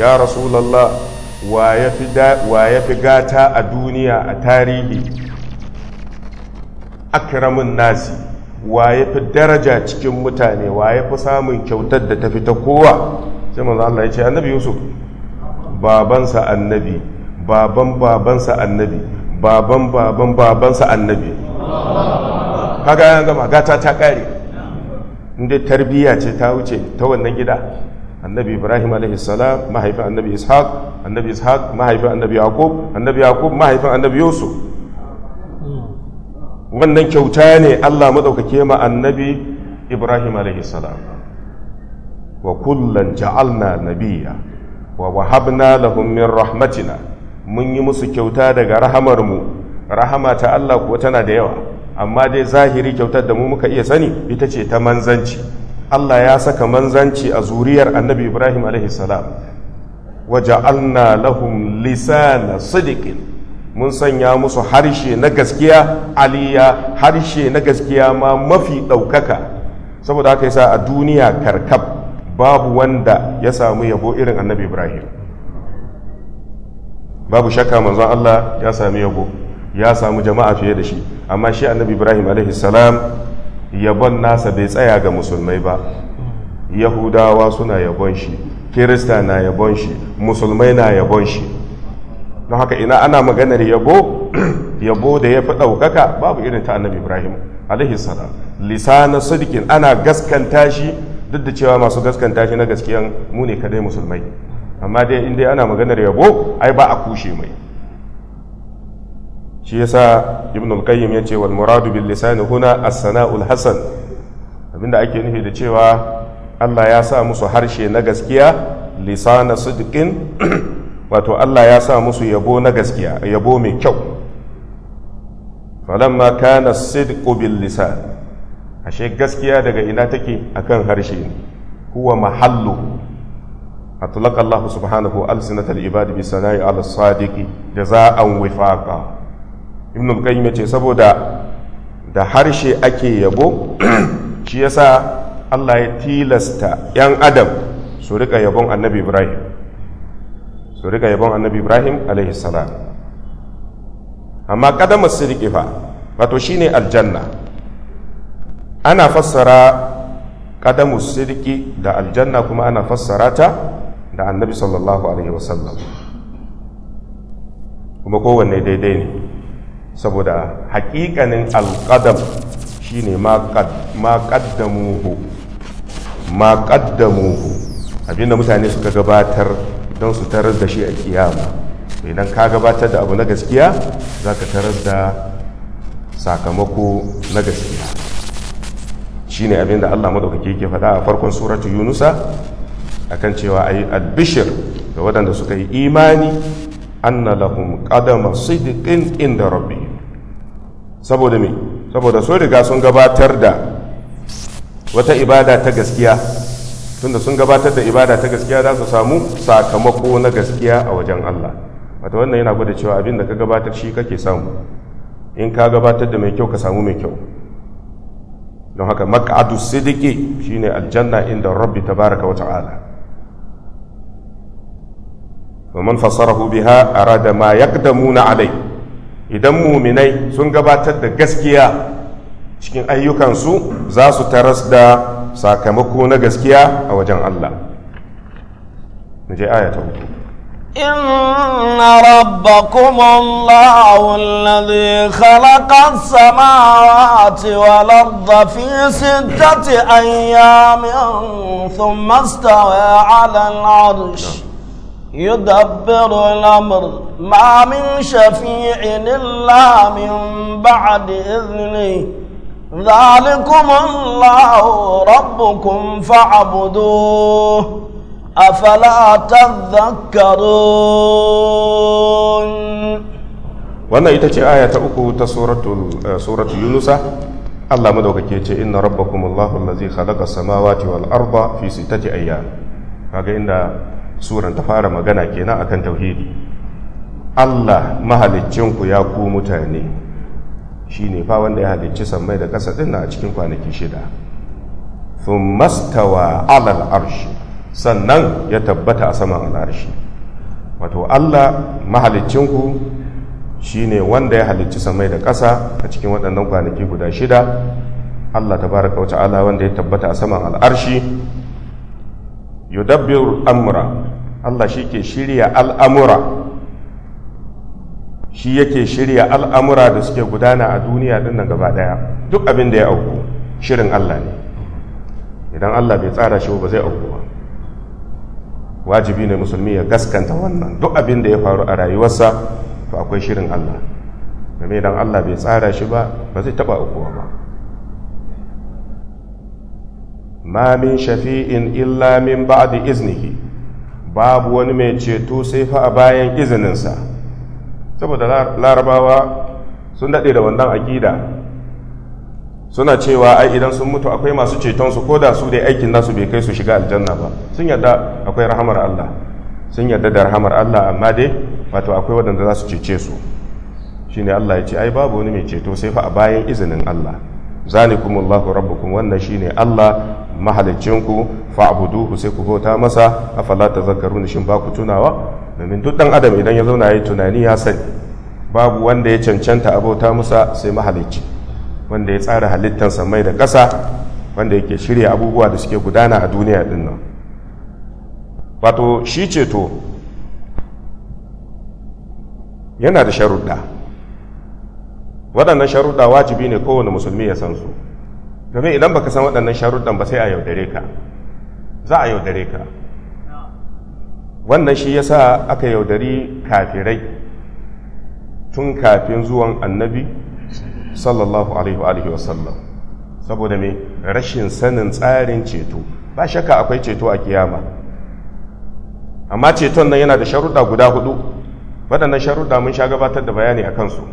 ya rasulullah wa ya fi gata a duniya a tarihi akramun nasi wa ya fi daraja cikin mutane wa ya fi samun kyautar da ta fi ta kowa sai manzo Allah ya ce annabi yusuf babansa annabi baban babansa annabi baban baban babansa annabi kaga yan gama gata ta kare inda tarbiyya ce ta wuce ta wannan gida annabi ibrahim alaihi salam mahaifin annabi ishaq annabi ishaq mahaifin annabi yaqub annabi yaqub mahaifin annabi yusuf wannan kyauta ne Allah madaukake ma annabi Ibrahim alaihi salam wa kullan ja'alna nabiyya wa wahabna lahum min rahmatina mun yi musu kyauta daga rahamar mu rahama ta Allah kuwa tana da yawa amma dai zahiri kyautar da mu muka iya sani ita ce ta manzanci Allah ya saka manzanci a zuriyar annabi Ibrahim alaihi salam wa ja'alna lahum lisana sidiqin mun sanya musu harshe na gaskiya aliya harshe na gaskiya ma mafi ɗaukaka saboda aka yi sa a duniya karkab babu wanda ya samu yabo irin annabi ibrahim babu shakka manzon allah ya sami yabo ya samu jama'a fiye da shi amma shi annabi ibrahim a.s. salam yabon nasa bai tsaya ga musulmai ba yahudawa suna yabon shi kirista na yabon shi musulmai na yabon shi don haka ina ana maganar yabo yabo da ya fi ɗaukaka babu irin ta annabi ibrahim alaihi salam lisanin sadikin ana gaskanta shi duk da cewa masu gaskanta shi na gaskiyan mu ne kadai musulmai amma dai in dai ana maganar yabo ai ba a kushe mai shi yasa ibn al-qayyim ya ce wal muradu bil lisan huna as-sana'ul hasan abinda ake nufi da cewa Allah ya sa musu harshe na gaskiya lisana sadikin wato Allah ya sa musu yabo na gaskiya yabo mai kyau falamma kana sidqu bil lisan ashe gaskiya daga ina take akan harshe ne huwa mahallu atlaqa Allah subhanahu alsinat al ibad bi sana'i ala sadiqi jaza'an wifaqa ibn al qayyim ce saboda da harshe ake yabo shi yasa Allah ya tilasta 'yan adam su rika yabon annabi Ibrahim su riga yabon annabi ibrahim alaihi salam amma kadamar sirki fa wato shine aljanna ana fassara kadamu sirki da aljanna kuma ana fassara ta da annabi sallallahu alaihi wasallam kuma kowanne daidai ne saboda hakikanin alkadam shine ma kaddamuhu ma kaddamuhu abinda mutane suka gabatar don su tarar da shi a kiyama idan ka gabatar da abu na gaskiya za ka tarar da sakamako na gaskiya shi ne abin da allah maɗaukaki ke faɗa a farkon suratu yunusa kan cewa a yi albishir ga waɗanda suka yi imani anna lahum qadama sidqin inda rabbi saboda mai saboda sun riga sun gabatar da wata ibada ta gaskiya tunda sun gabatar da ibada ta gaskiya za su samu sakamako na gaskiya a wajen Allah wata wannan yana gwada cewa abin da ka gabatar shi kake samu in ka gabatar da mai kyau ka samu mai kyau don haka maq'adu sidiki shine aljanna inda rabbi tabaraka wa ta'ala wa man fassarahu biha arada ma yaqdamuna alai idan mu'minai sun gabatar da gaskiya cikin ayyukansu za su taras da sakamako na gaskiya a wajen Allah je aya ta uku إن ربكم الله الذي خلق السماوات والأرض في ستة أيام ثم استوى على العرش يدبر الأمر ما من شفيع إلا من بعد إذنه ذلكم الله ربكم فاعبدوه أفلا تذكرون wannan ita ce aya ta uku ta suratul yunusa Allah madaukake ce inna rabbakum Allahu allazi khalaqa samawati wal arda fi sittati ayyam kaga inda suran ta fara magana kenan akan tauhidi Allah mahaliccinku ya ku mutane shi ne fa wanda ya halicci sammai da ƙasa ɗin a cikin kwanaki shida sun mastawa alal arshi sannan ya tabbata a saman al'arshi wato allah mahalicinku shi ne wanda ya halicci sammai da ƙasa a cikin waɗannan kwanaki guda shida allah ta baraka wata ala wanda ya tabbata a saman al'arshi yudabbir amura allah shi ke shirya al'amura shi yake shirya al'amura da suke gudana a duniya din nan gaba daya duk abin da ya auku shirin Allah ne idan Allah bai tsara shi ba zai auku ba wajibi ne musulmi ya gaskanta wannan duk abin da ya faru a rayuwarsa to akwai shirin Allah game idan Allah bai tsara shi ba ba zai taba aukuwa ba ma min shafi'in illa min ba'di iznihi babu wani mai ceto sai fa a bayan izininsa saboda larabawa sun daɗe da wannan aƙida suna cewa ai idan sun mutu akwai masu cetonsu ko da su dai aikin nasu bai kai su shiga aljanna ba sun yarda akwai rahamar Allah sun yarda da rahamar Allah amma dai wato akwai waɗanda za su cece su shi ne Allah ya ce ai babu wani mai ceto sai fa a bayan izinin Allah zanikumullahu rabbukum wannan shine Allah mahalicinku fa'buduhu sai ku bauta masa afala zakaru shin ba ku tunawa domin duk dan adam idan ya zauna yayi tunani ya sani babu wanda ya cancanta a bauta masa sai mahalicci wanda ya tsara halittar mai da ƙasa wanda yake shirya abubuwa da suke gudana a duniya din nan wato shi ceto yana da sharuɗa waɗannan sharuɗa wajibi ne kowane musulmi ya san su domin idan baka san waɗannan sharuɗan ba sai a yaudare ka za a yaudare ka wannan shi yasa aka yaudari kafirai tun kafin zuwan annabi sallallahu alaihi wa sallam saboda mai rashin sanin tsarin ceto ba shakka akwai ceto a kiyama amma ceton nan yana da sharuɗa guda hudu waɗannan sharuɗa mun sha gabatar da bayani a kansu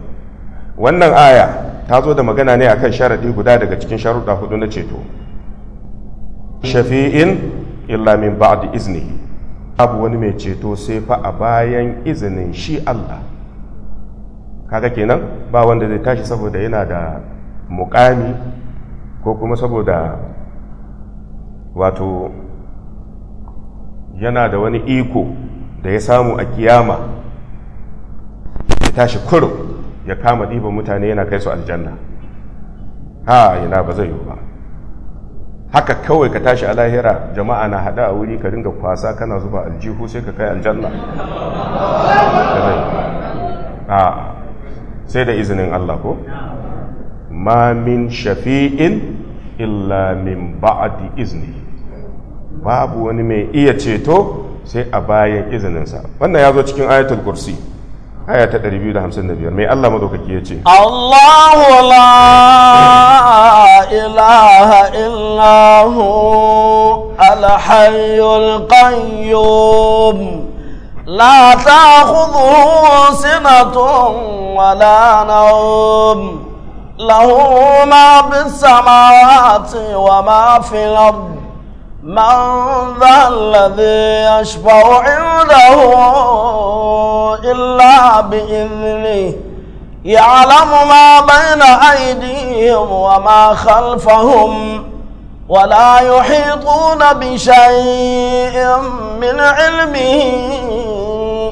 wannan aya ta zo da magana ne akan sharaɗi guda daga cikin sharuɗa hudu na ceto shafi'in illa min ba'd iznihi abu wani mai ceto sai fa a bayan izinin shi Allah kaga kenan ba wanda zai tashi saboda yana da mukami ko kuma saboda wato yana da wani iko da ya samu a kiyama ya tashi kurum ya kama ɗiban mutane yana kai su aljanna ha ina ba zai yi ba haka kawai ka tashi a lahira jama'a na hada a wuri ka dinga kwasa kana zuba aljihu sai ka kai aljanna sai da izinin Allah ko ma min shafi'in illa min ba'di izini. babu wani mai iya ceto sai a bayan izininsa wannan ya zo cikin ayatul kursi aya ta 255 mai Allah madaukaki ya ce Allahu la ilaha illa hu al-hayyul qayyum la ta'khudhuhu sinatun wa la nawm lahu ma bis samawati wa ma fil ardh من ذا الذي يشفع عنده إلا بإذنه يعلم ما بين أيديهم وما خلفهم ولا يحيطون بشيء من علمه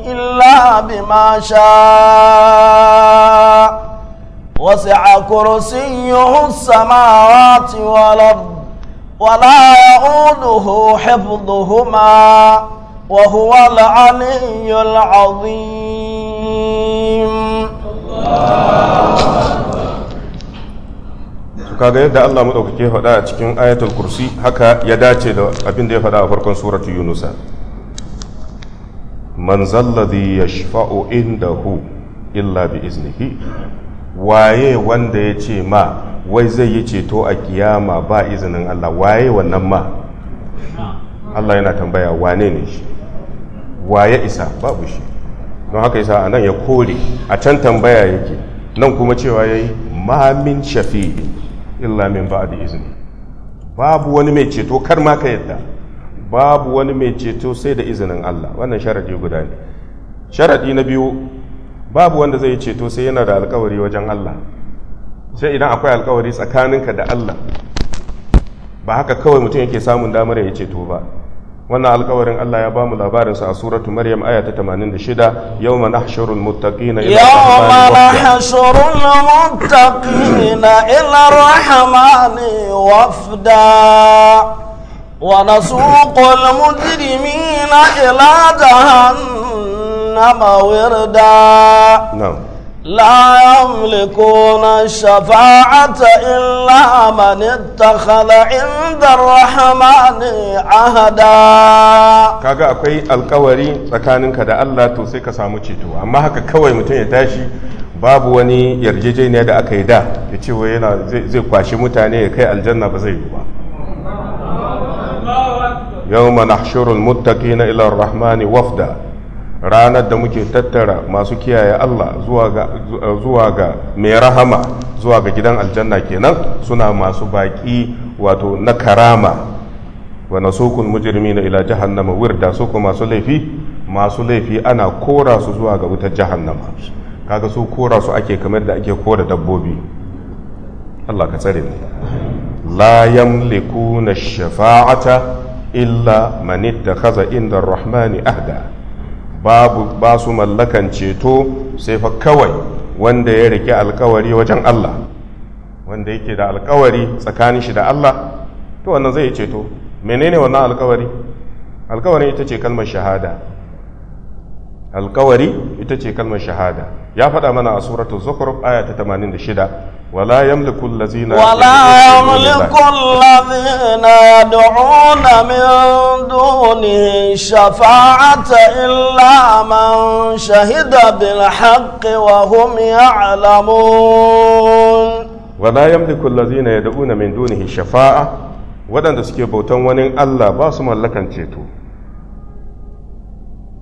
إلا بما شاء وسع كرسيه السماوات والأرض ولا wahuwa حفظهما وهو العلي العظيم kaga yadda Allah madaukake faɗa a cikin ayatul kursi haka ya dace da abin da ya faɗa a farkon surat yunusa man zalladhi yashfa'u indahu illa bi iznihi waye wanda ya ce ma wai zai yi ceto a kiyama ba izinin Allah waye wannan ma Allah yana tambaya wane ne shi waye isa babu shi don haka isa a nan ya kore a can tambaya yake nan kuma cewa ya yi mamin shafi'i illa min ba da izini babu wani mai ceto kar ma ka yadda babu wani mai ceto sai da izinin Allah wannan sharadi guda ne sharadi na biyu babu wanda zai ceto sai yana da alkawari wajen Allah sai idan akwai alkawari tsakaninka da Allah ba haka kawai mutum yake samun damar ya ceto ba wannan alkawarin Allah ya bamu labarin labarinsa a suratu Maryam aya ta 86 yawma nahshurul muttaqina ila yawma nahshurul muttaqina ila rahmani wafda ونسوق المجرمين إلى جهنم جهنم وردا نعم لا يملكون الشفاعة إلا من اتخذ عند الرحمن عهدا kaga akwai alkawari tsakaninka da Allah to sai ka samu ceto amma haka kawai mutum ya tashi babu wani yarjejeniya da aka yi da ya ce wa yana zai kwashi mutane ya kai aljanna ba zai yi ba yau ma nahshurul muttaqina ila rahmani wafda ranar da muke tattara masu kiyaye Allah zuwa ga mai rahama zuwa ga gidan aljanna kenan suna masu baƙi wato na karama wa na sokun mujirmi na ila jahannama wirda su kuma masu laifi masu laifi ana kora su zuwa ga wutar jahannama kaga su kora su ake kamar da ake kora dabbobi Allah ka tsare ne. la na shafa'ata illa man ittakhadha inda rahmani ahda babu ba su mallakan ceto sai fa kawai wanda ya rike alkawari wajen Allah wanda yake da alkawari tsakanin shi da Allah to wannan zai ceto menene wannan alkawari alkawari ita ce kalmar shahada alkawari ita ce kalmar shahada ya faɗa mana a suratul zukhruf aya ta 86 wala yamliku allazina wala yamliku allazina yad'una min dunihi shafa'ata illa man shahida bil haqqi wa hum ya'lamun wala yamliku allazina yad'una min dunihi shafa'a waɗanda suke bautan wani Allah ba su mallakan ceto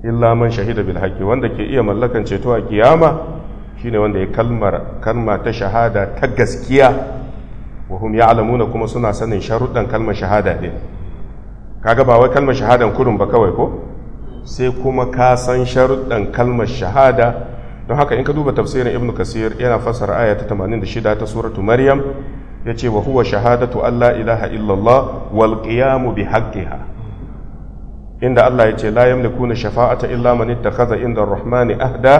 illa man shahida bil haqqi wanda ke iya mallakan ceto a kiyama shine wanda ya kalmar kalma ta shahada ta gaskiya wa hum ya'lamuna kuma suna sanin sharuɗan kalmar shahada din kaga ba wai kalmar shahadan kurun ba kawai ko sai kuma ka san sharuɗan kalmar shahada don haka in ka duba tafsirin ibnu kasir yana fassara aya ta 86 ta suratu maryam yace wa huwa shahadatu alla ilaha illallah wal qiyamu bi haqqiha inda Allah ya ce la yamlikuna shafa'ata illa man ittakhadha inda ar-rahmani ahda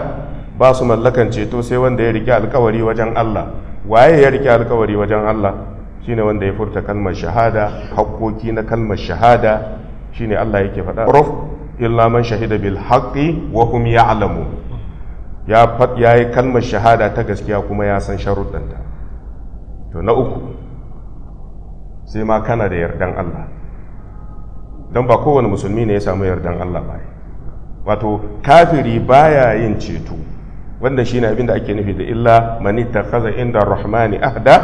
ba su mallakan ceto sai wanda ya rike alkawari wajen Allah waye ya rike alkawari wajen Allah shine wanda ya furta kalmar shahada hakkoki na kalmar shahada shine Allah yake faɗa ruf illa man shahida bil haqqi wa hum ya'lamu ya fat yayi kalmar shahada ta gaskiya kuma ya san sharuɗanta to na uku sai ma kana da yardan Allah don ba kowane musulmi ne ya samu yardan Allah ba wato kafiri baya yin ceto wanda shine abin da ake nufi da illa mani takaza inda rahmani ahda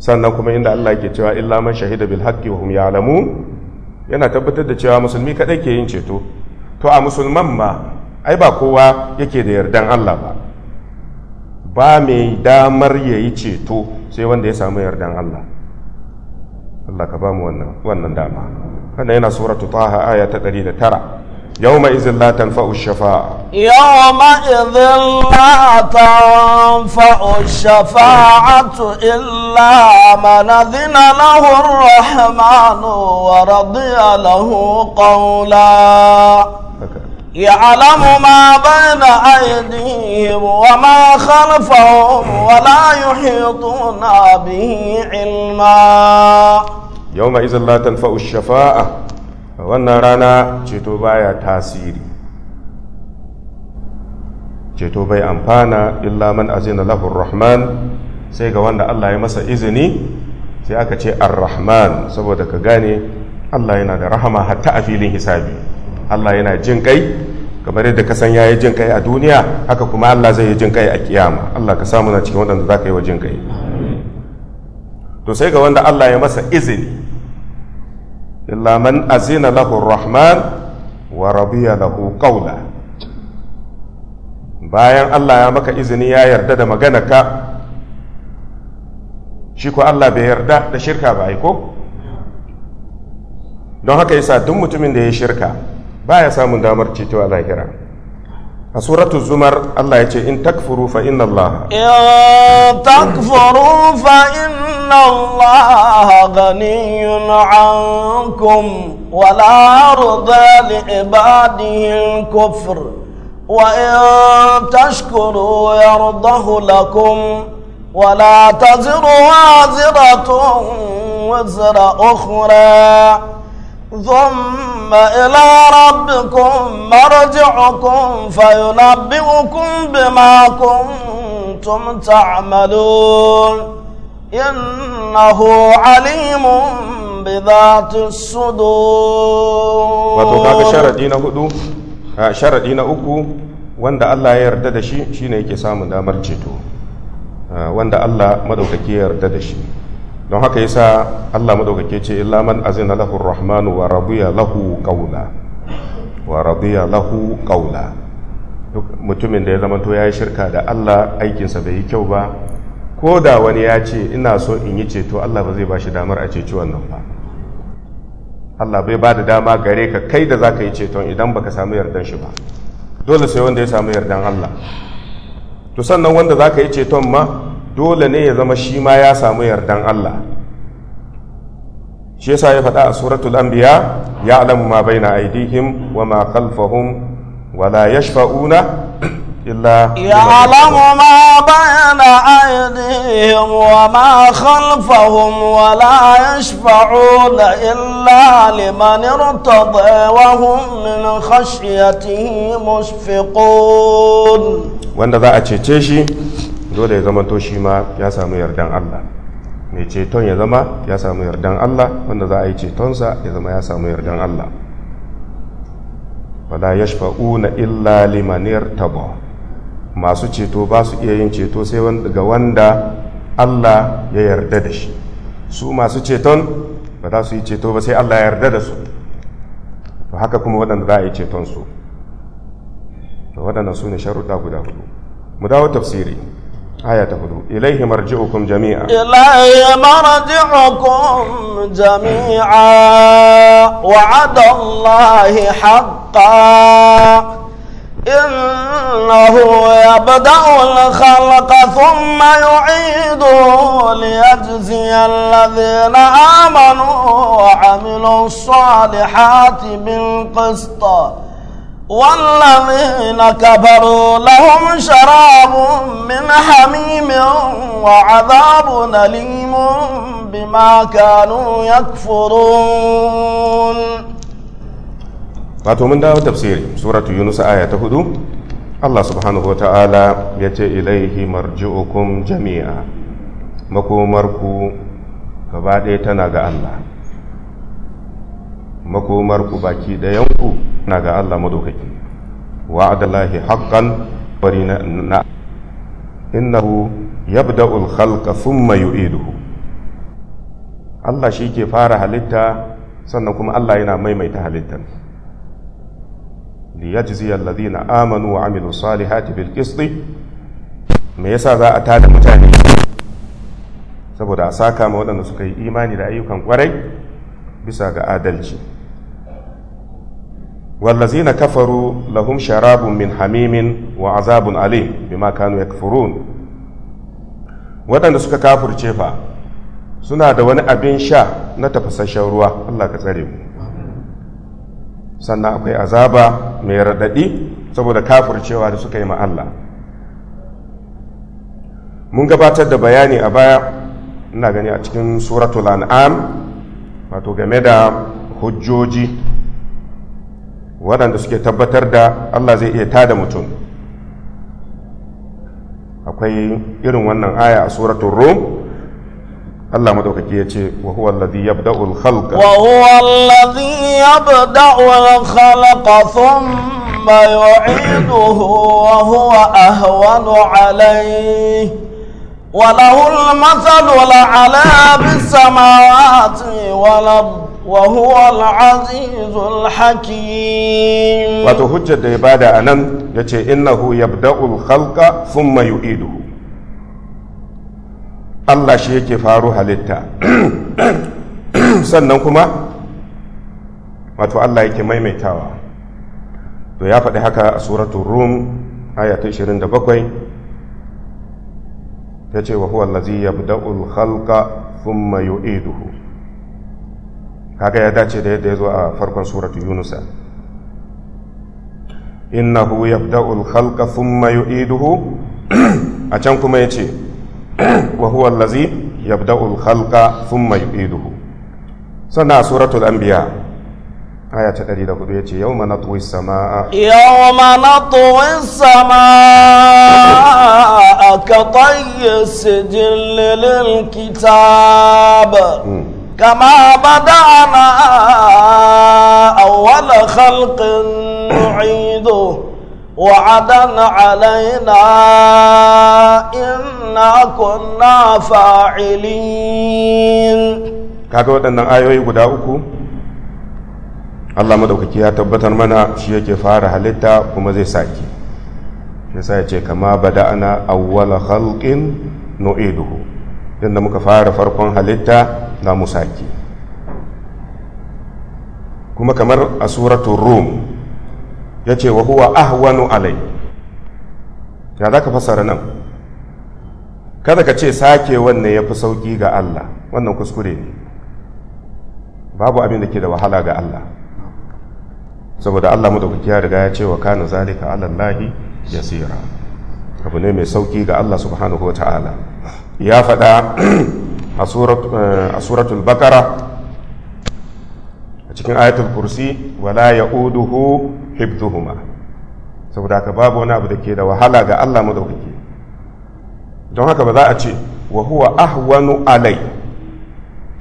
sannan kuma inda Allah ke cewa illa man shahida bil haqqi wa hum ya'lamun yana tabbatar da cewa musulmi kaɗai ke yin ceto to a musulman ma ai ba kowa yake da yardan Allah ba ba mai damar yayi ceto sai wanda ya samu yardan Allah Allah ka bamu wannan wannan dama wannan yana suratu taha aya ta 109 yawma izin la tanfa'u shafa'a yawma izin la tanfa'u shafa'atu illa man adhina lahu ar-rahmanu wa radiya lahu qawla يعلم ما بين أيديهم وما خلفهم ولا يحيطون به علما يوم إذا لا تنفع الشفاعة wannan rana ceto baya tasiri ceto bai amfana illa man azina lahu rahman sai ga wanda Allah ya masa izini sai aka ce ar-rahman saboda ka gane Allah yana da rahama hatta a filin hisabi Allah yana jin kai kamar yadda ka san yayi jin kai a duniya haka kuma Allah zai yi jin kai a kiyama Allah ka samu na cikin wadanda zaka yi wa jin kai to sai ga wanda Allah ya masa izini illa man azina lahu rahman wa radiya lahu qawla bayan Allah ya maka izini ya yarda da maganarka shi ko Allah bai yarda da shirka ba aiko don haka yasa duk mutumin da ya shirka baya samun damar ceto a lahira a suratu zumar Allah ya ce in takfuru fa inna Allah in takfuru fa inna Allah ganiyun ankum wala yarda li ibadihi kufr wa in tashkuru yardahu lakum ولا تزر وازرة وزر أخرى ثم إلى ربكم مرجعكم فينبئكم بما كنتم تعملون إنه عليم بذات الصدور wato kaga sharadi na hudu sharadi na uku wanda Allah ya yarda da shi shine yake samun damar ceto ah, wanda Allah madaukaki ya yarda da shi don haka ya sa Allah madaukake ce illa man azina lahu rahmanu wa radiya lahu qawla wa radiya lahu qawla duk mutumin da ya zama to yi shirka da Allah aikinsa bai yi kyau ba ko da wani ya ce ina so in yi ceto Allah ba zai ba shi damar a ceci wannan ba Allah bai ba da dama gare ka kai da za yi ceton idan baka samu yardan shi ba dole sai wanda ya samu yardan Allah to sannan wanda za ka yi ceton ma dole ne ya zama shi ma ya samu yardan Allah shi yasa ya faɗa a suratul anbiya ya alamu ma bai na aidihim wa ma khalfahum wa la yashfa'una illa ya alamu ma bai na aidihim wa ma khalfahum wa la yashfa'una illa liman irtada wa hum min khashyatihi mushfiqun wanda za a cece shi dole ya zama to shi ma ya samu yardan Allah mai ceton ya zama ya samu yardan Allah wanda za a yi cetonsa ya zama ya samu yardan Allah wala na illa limaniyar tabo masu ceto ba su iya yin ceto sai ga wanda Allah ya yarda da shi su masu ceton ba za su yi ceto ba sai Allah ya yarda da su ba haka kuma waɗanda za a yi ceton su to su ne sharuɗa guda hudu mu dawo tafsiri آية هدو إليه مرجعكم جميعا إليه مرجعكم جميعا وعد الله حقا إنه يبدأ الخلق ثم يعيده ليجزي الذين آمنوا وعملوا الصالحات بالقسط والذين كفروا لهم شراب من حميم وعذاب أليم بما كانوا يكفرون wato mun dawo tafsiri suratu Yunusa aya ta hudu Allah subhanahu wa ta'ala ya ce ilaihi marji'ukum jami'a makomarku gaba ɗaya tana ga Allah makomar ku baki ɗayanku na ga Allah madaukaki wa'adallahi haqqan bari na innahu yabda'ul khalqa thumma yu'iduhu Allah shi ke fara halitta sannan kuma Allah yana maimaita halittan liyajzi alladhina amanu wa amilu salihati bil qist me yasa za a tada mutane saboda a saka ma waɗanda suka yi imani da ayyukan kwarai bisa ga adalci wallazina kafaru lahum sharabun min hamimin wa azabun alim bima kanu yakfurun waɗanda suka kafurce fa suna da wani abin sha na tafasasshen ruwa Allah ka tsare mu sannan akwai azaba mai raɗaɗi saboda kafurcewa da suka yi ma Allah mun gabatar da bayani a baya ina gani a cikin suratul an'am wato game da hujjoji waɗanda suke tabbatar da Allah zai iya tada mutum akwai irin wannan aya a suratun rom Allah madaukaki ya ce wa huwa alladhi yabda'u al-khalqa wa huwa alladhi yabda'u al-khalqa thumma yu'iduhu wa huwa ahwanu alayhi وله المثل الأعلى بالسماوات والأرض وهو العزيز الحكيم wato hujjar da ya bada a nan ya ce innahu yabda'ul khalqa thumma yu'iduhu Allah shi yake faru halitta sannan kuma wato Allah yake maimaitawa to ya faɗi haka a suratul rum aya 27 ya ce wa huwa lazi halka fun mayo iduhu kaga ya dace da yadda ya zo a farkon suratu yunusa innahu halka fun mayo iduhu a can kuma ya ce wa huwa lazi halka khalqa mayo yu'iduhu sannan a suratul anbiya aya ta da hudu ya ce yau mana tuwai sama a yau mana tuwai sama a ka tayyar sijin lilin kitab hmm. kama bada na a wala halkin nu'ido wa adan alaina inna kunna fa'ilin kaga waɗannan ayoyi guda uku Allah maɗaukaki ya tabbatar mana shi yake fara halitta kuma zai sake yasa ya ce kama bada'ana awwala khalqin nu'iduhu inda muka fara farkon halitta na mu sake kuma kamar a suratul rum ya ce wa huwa ahwanu alai ya za ka fasara nan kada ka ce sake wannan ya fi sauƙi ga Allah wannan kuskure ne babu abin da ke da wahala ga Allah saboda Allah madaukaki ya riga ya ce wa kana zalika ala Allah yasira abu ne mai sauki ga Allah subhanahu wa ta'ala ya faɗa eh, a suratul bakara a cikin ayatul kursi wala ya'uduhu hibduhuma saboda ka babu wani abu da ke da wahala ga Allah madaukaki don haka ba za a ce wa huwa ahwanu alai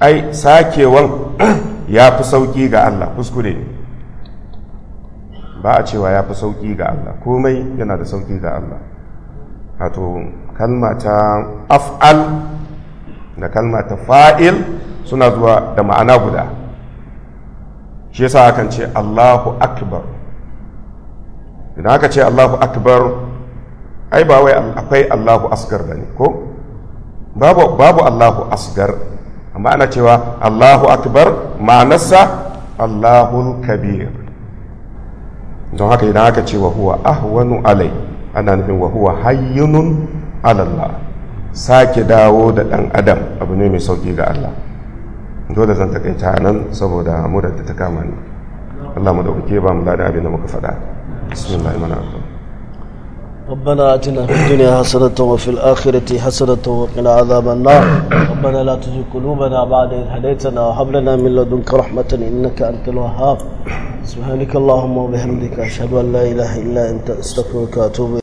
ai sakewan ya fi sauki ga Allah kuskure ne ba a cewa ya fi sauƙi ga Allah komai yana da sauƙi ga Allah wato kalma ta af'al da kalma ta fa'il suna zuwa da ma'ana guda shi yasa hakan ce Allahu akbar idan aka ce Allahu akbar ai ba wai akwai Allahu asgar ne ko babu babu Allahu asgar amma ana cewa Allahu akbar ma'anarsa Allahul kabir don haka idan aka ce wa huwa ahwanu alai ana nufin wa huwa hayyunun alalla sake dawo da dan adam abu ne mai sauki ga Allah dole zan takaita nan saboda mudar da ta kama ni Allah mu dauke ba mu da abin da muka faɗa bismillahir rahmanir rahim ربنا آتنا في الدنيا حسنة وفي الآخرة حسنة وقنا عذاب النار ربنا لا تزغ قلوبنا بعد إذ هديتنا وهب لنا من لدنك رحمة إنك أنت الوهاب سبحانك اللهم وبحمدك أشهد أن لا إله إلا أنت أستغفرك وأتوب